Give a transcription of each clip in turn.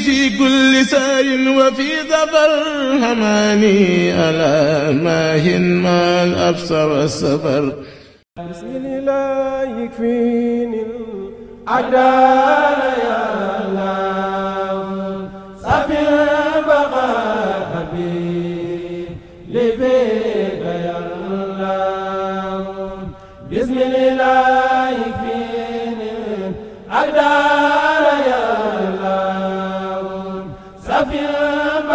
في كل سير وفي ظفر هماني ألا ماهن ما الأبصر والسفر بسم لا يكفيني العدال يا الله سفر بقى حبيب لبيك يا الله بسم الله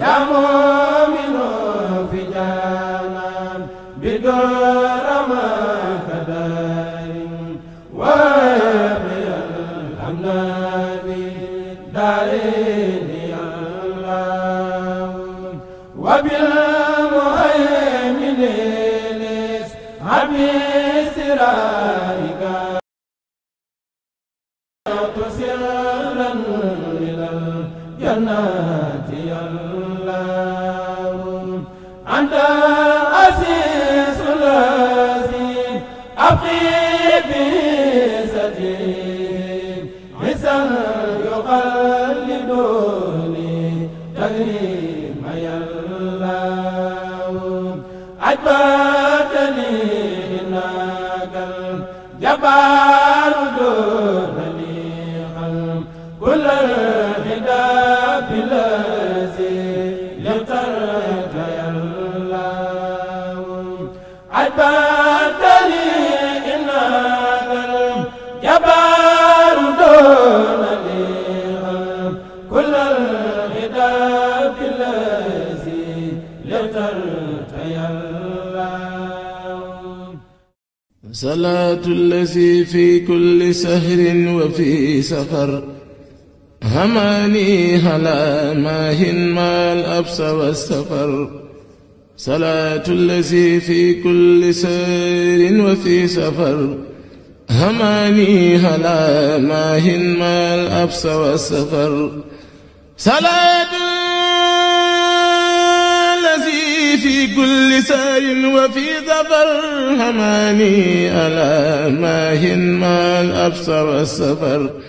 yaa moominoo fi jaanaan bi doon Amin أجبتني إنك الجبار دونني salaatu lazi fi kulli sahrin wa fi safar hamaani halaa maahin maal absa wa safar salaatu lazi fi kulli sahrin wa fi safar hamaani halaa maahin maal absa wa safar salaatu سفر وفي ظفر هماني ألا ماهن ما الأبصر السفر